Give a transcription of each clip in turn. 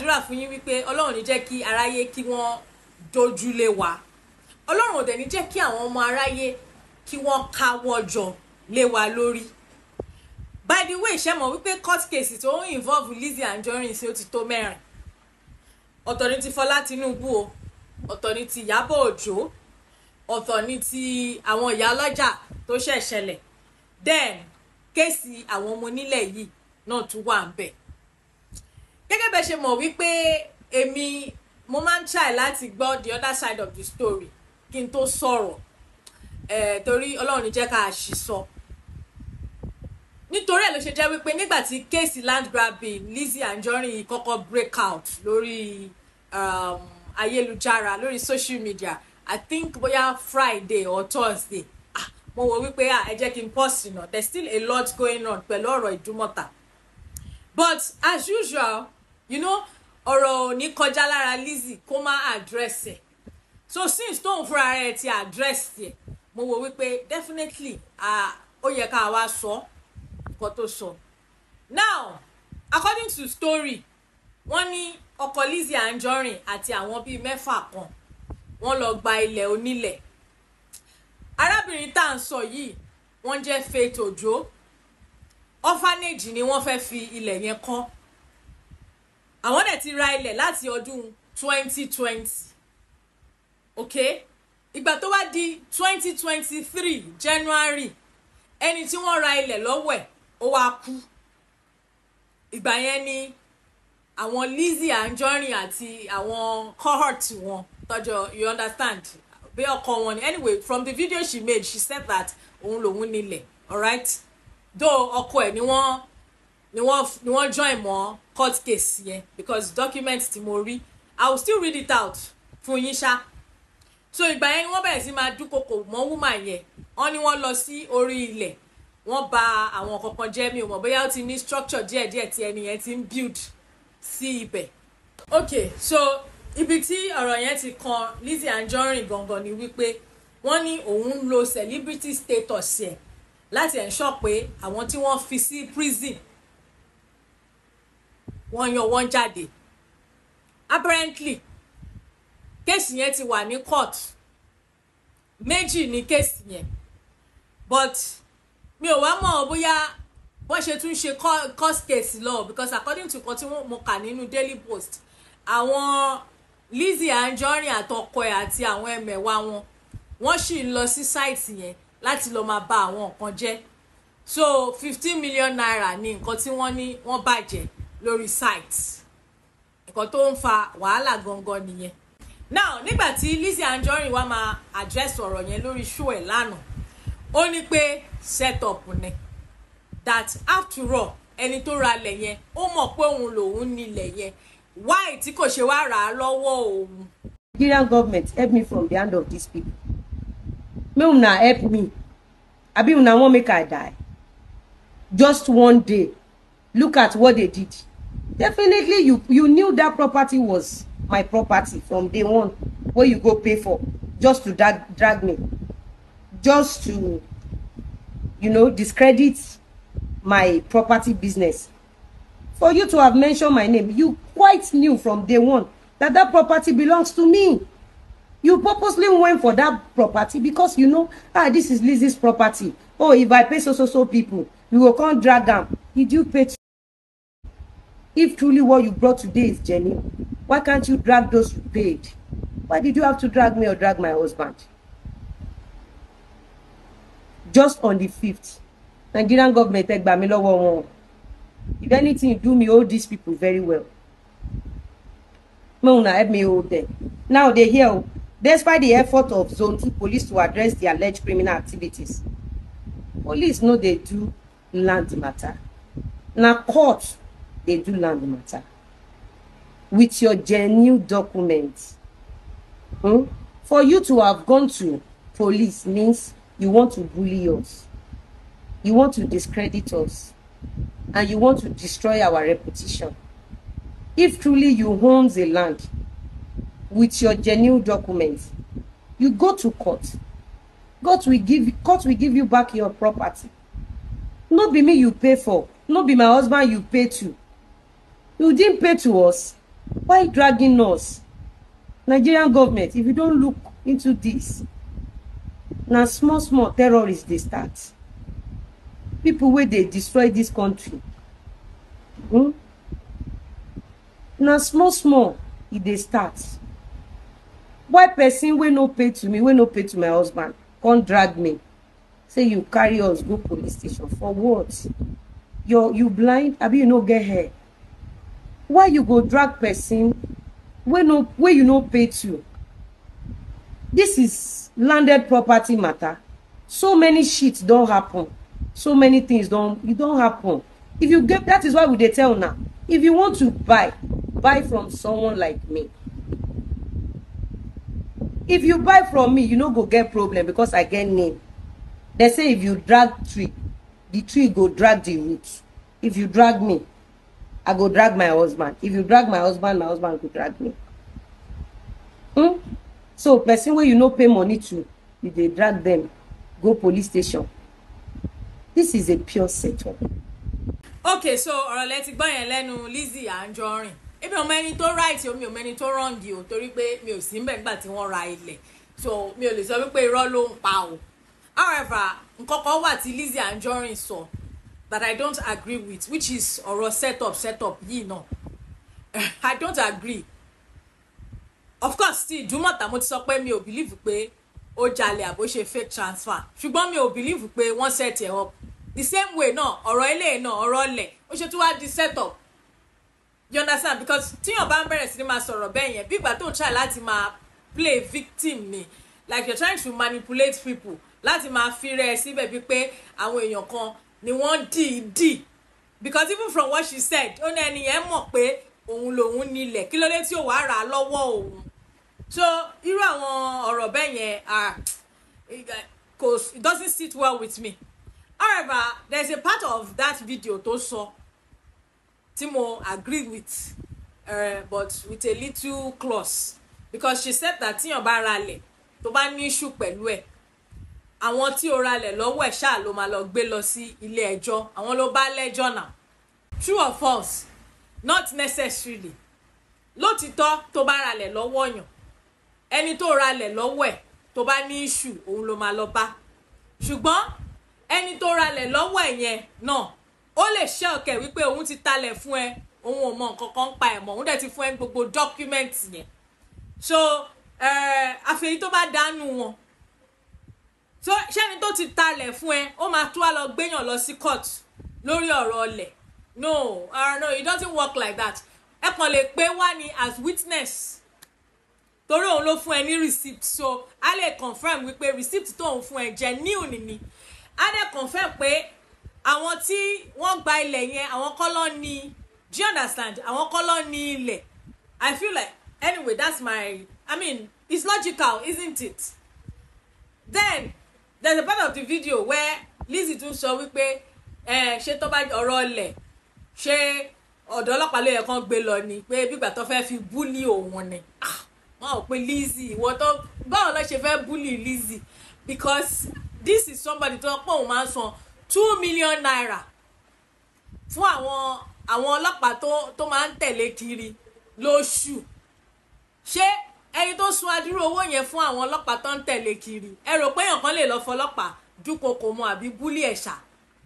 gbàdúrà fún yín wípé ọlọ́run ní jẹ́ kí aráyé kí wọ́n dojúlé wa ọlọ́run ò dẹ̀ ní jẹ́ kí àwọn ọmọ aráyé kí wọ́n káwọ́ jọ lé wa lórí by the way ṣe mọ̀ wípé court case tó ń involve Lizzy Anjorin sí ó ti tó mẹ́rin ọ̀tọ̀ ní ti Fọlá Tinubu o ọ̀tọ̀ ní ti Ìyábọ̀ Òjó ọ̀tọ̀ ní ti àwọn ìyá ọlọ́jà tó ṣẹ̀ ṣẹlẹ̀ then kéèsì àwọn ọmọ onílẹ̀ yìí náà tún wà ń bẹ̀ gẹ́gẹ́ bẹ́ẹ̀ ṣe mọ̀ wípé èmi mo máa ń try láti gbọ́ the other side of the story kí n tó sọ̀rọ̀ ẹ̀ torí ọlọ́run ní jẹ́ ká ṣì sọ nítorí ẹ̀ ló ṣe jẹ́ wípé nígbà tí kéèsì land grabbing Lizzy Anjorin yìí kọ́kọ́ break out lórí um, ayélujára lórí social media I think bóyá Friday or Thursday ah mo wò wípé ah ẹ jẹ́ kí n pause náà there's still a lot going on pẹ̀lú ọ̀rọ̀ ìdúmọ̀ta but as usual you know ọ̀rọ̀ ò ní kọjá lára Lizzy kó má address ẹ̀ so since tóun fúnra rẹ̀ ti address ẹ̀ mo wò wípé definitely ó yẹ ká wá sọ nǹkan tó sọ now according to story wọ́n ní ọkọ Lizzy Anjorin àti àwọn bíi mẹ́fà kan wọ́n lọ gba ilẹ̀ onílẹ̀ arábìnrin tá à ń sọ yìí wọ́n jẹ́ Faith Ojo orphanage ni wọ́n fẹ́ fi ilẹ̀ yẹn kọ́ àwọn dẹ̀ ti ra ilẹ̀ láti ọdún twenty twenty ok ìgbà tó wá di 2023 January ẹni tí wọ́n ra ilẹ̀ lọ́wọ́ ẹ̀ ó wá kú ìgbà yẹn ni àwọn Lizzy Anjorin àti àwọn cohort wọn tọjọ you understand bí ọkọ wọn ni anyway from the video she made she said that òun lòun nílẹ̀ alright though ọkọ ẹ̀ ni wọ́n ni wọ́n ni wọ́n join mọ́ court case yẹn because document tí mo rí i will still read it out fún yín ṣá so ìgbà yẹn ni wọ́n bẹ̀rẹ̀ sí máa dúnkokò mọ́ woman yẹn wọ́n ní wọ́n lọ sí orí ilẹ̀ wọ́n bà àwọn kankan jẹ́ mi ò mọ̀ bóyá ó ti ní structure díẹ̀díẹ̀ tí ẹni yẹn ti ń build sí ibẹ̀ ok so ibi tí ọ̀rọ̀ yẹn ti kan Lizzy Anjorin gangan ni wípé wọ́n ní òun ń lo celebrity status yẹn láti ensure pé àwọn tí wọ́n fi sí prison wọ́n yan wọ́n jáde apparently kéèsì yẹn ti wà ní court méjì ní kéèsì yẹn but mi ò wá mọ̀ bóyá wọ́n ṣe tún ṣe cost case lọ because according to nǹkan tí mo kà nínú daily post àwọn Lizzy Anjorin àtọkọ ẹ̀ àti àwọn ẹ̀mẹ̀wà wọn wọ́n sì ń lọ sí sáìtì yẹn láti lọ máa bà àwọn nǹkan jẹ́ so fifteen million naira ni nǹkan tí wọ́n ní wọ́n bàjẹ́ lórí site nǹkan tó ń fa wàhálà gangan nìyẹn now nígbà tí Lizzy Anjorin wa máa address ọ̀rọ̀ yẹn lórí show ẹ̀ lánàá ó ní pé set up ni that after all ẹni tó ra lẹ̀ yẹn ó mọ̀ pé òun lòun nílẹ̀ yẹn why tí kò ṣe wá rà á lọ́wọ́ òun. Nigerian government help me from the hand of these people make una help me abi una wan make I die just one day look at what they did definitely you you knew that property was my property from day one what you go pay for just to drag, drag me just to you know discredit my property business for you to have mentioned my name you quite knew from day one that that property belongs to me you purposely went for that property because you know ah this is Lizzie's property oh if I pay so so so people you will come drag them. did you pay If truly what you brought today is Jenny, why can't you drag those you paid? Why did you have to drag me or drag my husband? Just on the fifth, Nigerian government ẹ gbà mí lọ́wọ́ wọn. If anything, do me all these people very well. May una help me hold them. Now they hear, oh, despite the effort of Zone Two police to address the alleged criminal activities, police no dey do land matter. Na court they do land matter with your genuine documents. Hmm? For you to have gone to police means you want to bully us. You want to discredit us. And you want to destroy our reputation. If truly you own the land with your genuine documents, you go to court. God will give court will give you back your property. Not be me you pay for. Not be my husband you pay to. You didn't pay to us. Why dragging us? Nigerian government, if you don't look into this, na small small terrorists dey start. People wey dey destroy this country. Hmm? Na small small e dey start. Why person wey no pay to me, wey no pay to my husband, come drag me? Say you carry us go police station for what? Your you blind? Abi you no get hair? why you go drag person where you no pay to This is landed property matter so many shit don't happen so many things don't don't happen if you get that is why we tell now if you want to buy buy from someone like me if you buy from me you no go get problem because i get name They say if you drag tree the tree go drag the roots. if you drag me I go drag my husband. If you drag my husband, my husband go drag me. Hmm? So person where you no pay money to, you they drag them go police station. This is a pure setup. Okay, so ọ̀rọ̀ lẹ ti gbọ́ yẹn lẹ́nu Lizzy Anjorin. Èmi ò mẹ́ni tó right o, mi ò tó wrong o, torí pé mi ò sí ń bẹ̀ nígbà tí wọ́n ra ilẹ̀. So mi ò lè sọ wípé irọ́ ló ń pa o. However, nǹkan kan wà tí Lizzy Anjorin sọ. So that i don't agree with which is ọ̀rọ̀ setup setup yìí náà i don't agree of course tí ìdúmọ̀tà mo ti sọ pé mi ò believe pé ó jalè àbó ṣe fake transfer ṣùgbọ́n mi ò believe pé wọ́n set ẹ̀ up the same way náà ọ̀rọ̀ ilé náà ọ̀rọ̀ ọlẹ̀ ó ṣe tí wàá di setup you understand because tíyàn bá ń bẹ̀rẹ̀ sí ni máa sọ̀rọ̀ bẹ́ẹ̀ yẹn bí ìgbà tó ń try láti máa play victim ni like you're trying to manipulate people láti máa fi rẹ̀ síbẹ̀ bíi pé àwọn èèyàn kan ni wọ́n dìídì because even from what she said ó ní ẹni yẹn mọ̀ pé òun lòun nílẹ̀ kí ló dé tí ò wá rà á lọ́wọ́ òun so irú àwọn ọ̀rọ̀ bẹ́ẹ̀ yẹn kò it doesn't sit well with me however there is a part of that video tó sọ tí mo agree with uh, but with a little clause because she said that tíyàn bá ra lẹ̀ tó bá ní issue pẹ̀lú ẹ̀ àwọn tí o ralẹ̀ lọ́wọ́ ẹ̀ ṣáà ló máa lọ gbé lọ sí ilé ẹjọ́ àwọn ló bá lẹ́jọ́ náà true or false not necessarily lótìtọ́ tó bá ralẹ̀ lọ́wọ́ yàn ẹni tó ralẹ̀ lọ́wọ́ ẹ̀ tó bá ní issue òun ló máa lọ bá ṣùgbọ́n ẹni tó ralẹ̀ lọ́wọ́ ẹ̀ yẹn náà ó lè ṣe ọ̀kẹ́ wípé òun ti talẹ̀ fún ẹ òun ò mọ nǹkan kan pa ẹ̀ mọ́ òun dẹ̀ ti fún ẹ gbogbo dọ́kúmẹ́ǹtì yẹn so eh, àfẹ́yí tó bá dánú wọn So ṣẹ́ni tó ti talẹ̀ fún ẹ ó máa tún wá lọ gbéyàn lọ sí court lórí ọ̀rọ̀ ọlẹ̀ no no it doesn't work like that ẹ kàn lè pé wá ní as witness torí òun ló fún ẹ ní receipt so a lè confirm wípé receipt tó òun fún ẹ genuine ni a lè confirm pé àwọn tí wọ́n gba ilẹ̀ yẹn àwọn kọ́ ló ní do you understand àwọn kọ́ ló ní ilẹ̀ i feel like anyway that's my i mean it's logical isn't it there is a part of the video where Lizzie tún sọ wípé ṣé tó bá ọ̀rọ̀ ilẹ̀ ṣé ọ̀dọ̀ ọlọ́pàá ló yẹ kán gbé lọ ni pé bígbà tó fẹ́ fi búlì òun ni ah, wọn ò pe Lizzy ìwọ tó báwo lọ ṣe fẹ́ búlì Lizzy because this is somebody tó pọ̀ òun máa ń san two million naira fún àwọn àwọn ọlọ́pàá tó máa ń tẹ̀lé kiri lóṣù ṣé ẹni tó sun adúrú owó yẹn fún àwọn ọlọ́pàá tó ń tẹ̀lé kiri ẹ rò pé èèyàn lè lọ fọlọ́pàá dúnkokò mọ́ àbí búlí ẹ̀ṣà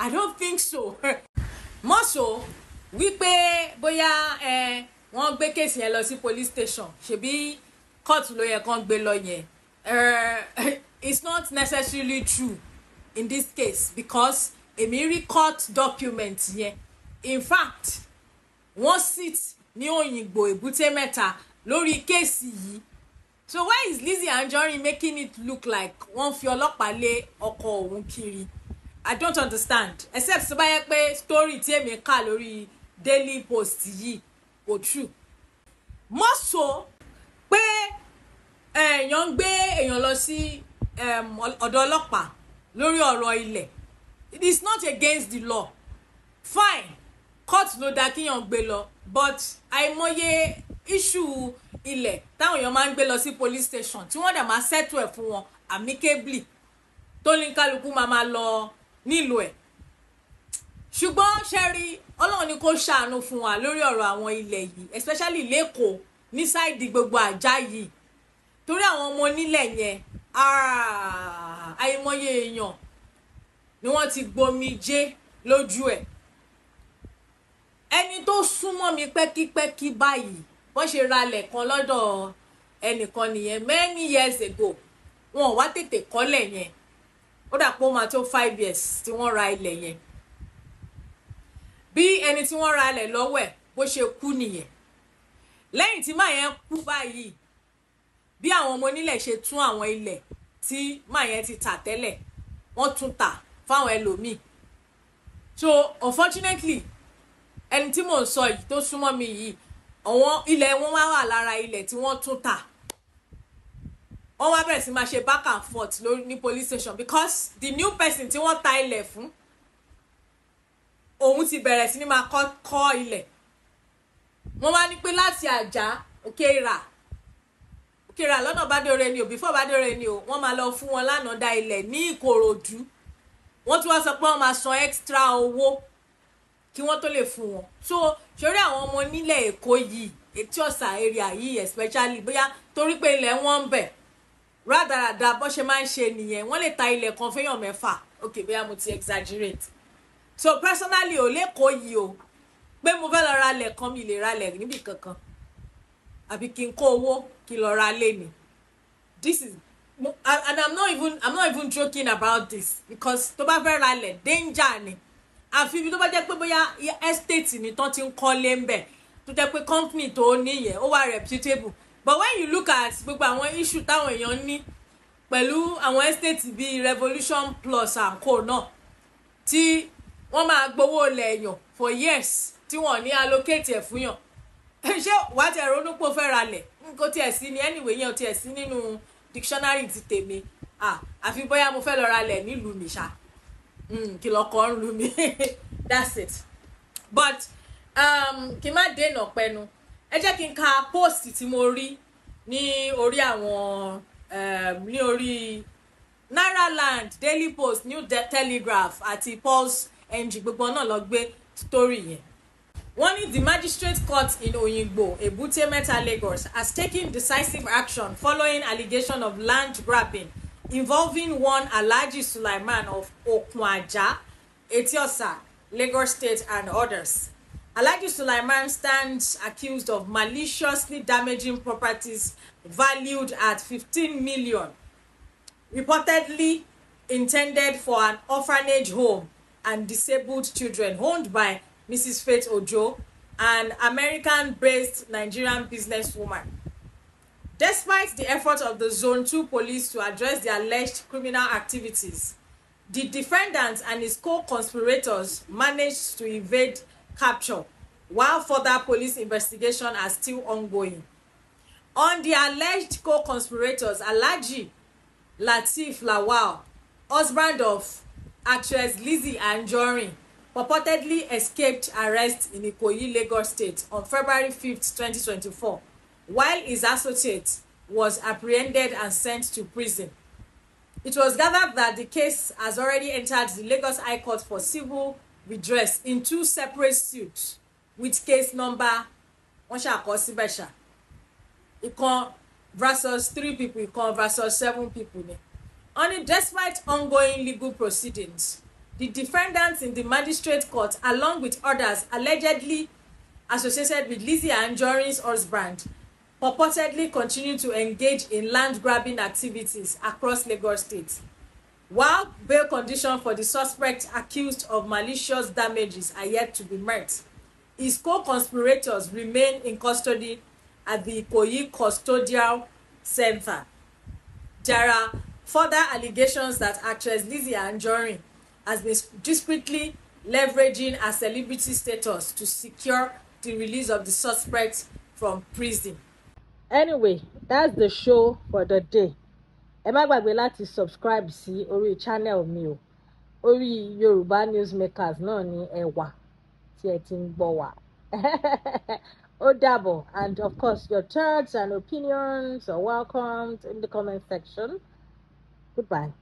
i don't think so mọ́sọ̀ wípé bóyá wọ́n gbé kéèsì yẹn lọ sí police station ṣebí kóòtù ló yẹ kán gbé lọ yẹn it's not necessarily true in this case because èmi rí court document yẹn in fact wọ́n sit ní òyìnbó èbúté mẹ́ta lórí kéèsì yìí so why is Lizzie and Jory making it look like wọ́n fi ọlọ́pàá lé ọkọ òun kiri i don't understand except tó bá yẹ pé story tí èmi kà lórí daily post yìí kò true mọ́ so pé eh, èèyàn ń gbé èèyàn lọ sí ọ̀dọ̀ ọlọ́pàá lórí ọ̀rọ̀ ilẹ̀ it is not against the law fine court ló dá kíyàn gbé lọ but àìmọye issue ilẹ̀ táwọn èèyàn máa ń gbé lọ sí police station tí wọ́n dẹ̀ máa settle ẹ̀ fún wọn amicably tó ní kálukú máa máa lọ nílùú ẹ̀ ṣùgbọ́n ṣẹ́rí ọlọ́run ni kò ṣàánú fún wa lórí ọ̀rọ̀ àwọn ilẹ̀ yìí especially lẹ́kọ̀ọ́ ní sáìdì gbogbo àjá yìí torí àwọn ọmọ onílẹ̀ yẹn àìmọye èèyàn ni wọ́n ti gbomijé lójú ẹ̀ ẹni tó súnmọ́ mi pẹ́kípẹ́kí báyìí wọ́n ṣe ralẹ̀ kan lọ́dọ̀ ẹnìkan nìyẹn many years ago wọn ò wá tètè kọ́lẹ̀ yẹn ó dà pé ó máa tó five years tí wọ́n ra ilẹ̀ yẹn bí ẹni tí wọ́n ra ilẹ̀ lọ́wọ́ ẹ̀ bó ṣe kú nìyẹn lẹ́yìn tí màá yẹn kú báyìí bí àwọn ọmọ onílẹ̀ ṣe tún àwọn ilẹ̀ tí màá yẹn ti tà tẹ́lẹ̀ wọ́n tún tà fáwọn ẹlòmíì so unfortunately ẹni tí mò ń sọ yìí tó súnmọ́ mi yìí àwọn ilẹ̀ wọn wá wà lára ilẹ̀ tí wọ́n tún tà wọ́n wá bẹ̀rẹ̀ sí máa ṣe back and forth lórí ní police station because the new person tí wọ́n ta ilẹ̀ fún òun ti bẹ̀rẹ̀ sí ní máa kọ́ ilẹ̀ wọ́n wá ní pé láti àjà òkè ìrà òkè ìrà lọ́nà bádéore ni o before bádéore ni o wọ́n máa lọ fún wọn lánàá da ilẹ̀ ní ìkòròdú wọ́n tún wá sọ pé wọ́n máa san extra owó kí wọ́n tó lè fún wọn so ṣorí àwọn ọmọ nílẹ̀ èkó yìí etí ọ̀sà area yìí especially bóyá torí pé ilẹ̀ wọn ń bẹ̀ rádaràda bó ṣe máa ń ṣe nìyẹn wọ́n lè ta ilẹ̀ kan fẹ́yàn mẹ́fà ok bóyá mo ti exaggerate so personally ò lẹ́kọ̀ọ́ yìí o pé mo fẹ́ lọ ra ilẹ̀ kan mi lè ra ilẹ̀ níbì kankan àbí kí n kó owó kí n lọ ra ilé ni this is and i'm not even i'm not even joking about this because tó bá fẹ́ ra ilẹ̀ danger ni àfi ibi tó bá jẹ́ pé bóyá estate ni tán ti ń kọ́lé ń bẹ̀ tó jẹ́ pé company tó níyẹn ó wà reputable but when you look at gbogbo àwọn issue táwọn èèyàn ní pẹ̀lú àwọn estate bíi revolution plus and co náà tí wọ́n máa gbowó lẹ̀yàn for years tí wọ́n ní allocate ẹ̀ fún yàn ṣé wà á ti ẹ̀rọ onípò fẹ́ ra lẹ̀ kó tiẹ̀ sí ni anyway yẹn ò tiẹ̀ sí nínú dictionary ti tèmi àfi bóyá mo fẹ́ lọ ra lẹ̀ nílùú mi ṣáà kìlọ̀ kan ń lu mi that's it but um, kí n má dènà pẹnu ẹ jẹ́ kí n ka post tí mo rí ní orí àwọn um, ní orí Nairaland Daily Post New Telegraph àti Pulse NG gbogbo náà lọ gbé story yẹn wọ́n ní the magistrate court in Oyingbo Ebute Metta Lagos has taken decisive action following allegation of land grabbing involving one Alhaji Sulaiman of Okunaja, Etiosa, Lagos State, and others. Alhaji Sulaiman stands accused of maliciously damaging properties valued at fifteen million, reportedly intended for an orphanage home and disabled children owned by Mrs. Faith Ojo, an American-based Nigerian businesswoman. Despite the efforts of the Zone 2 police to address the alleged criminal activities, the defendant and his co-conspirators managed to evade capture while further police investigations are still ongoing. On the alleged co-conspirators, Alhaji Lateef Lawal, husband of actress Lizzie Anjorin, purportedly escaped arrest in Ikoyi, Lagos State on February 5, 2024 while his associate was apprehended and sent to prison. It was gathered that the case has already entered the Lagos High Court for civil redress in two separate suits with case number wọ́n ṣàkọ síbẹ̀ ṣá ìkan versus three people ìkan versus seven people ni. Only despite ongoing legal proceedings, the defendants in the magistrate court along with others allegedly associated with Lizzie and Anjorin's husband purportedly continue to engage in land grabbing activities across Lagos State. While bail conditions for the suspect accused of malicious damages are yet to be met, his co-conspirators remain in custody at the Ikoyi Custodial Center. There are further allegations that actress Lizzie Anjorin has been discreetly leveraging her celebrity status to secure the release of the suspect from prison anyway that's the show for the day ẹ má gbàgbé láti subscribe sí orí channel mi o orí yorùbá newsmakers náà ni ẹ wà tí ẹ ti ń gbọ́ wá ó dàbọ̀ and of course your thoughts and opinions are welcomed in the comment section goodbye.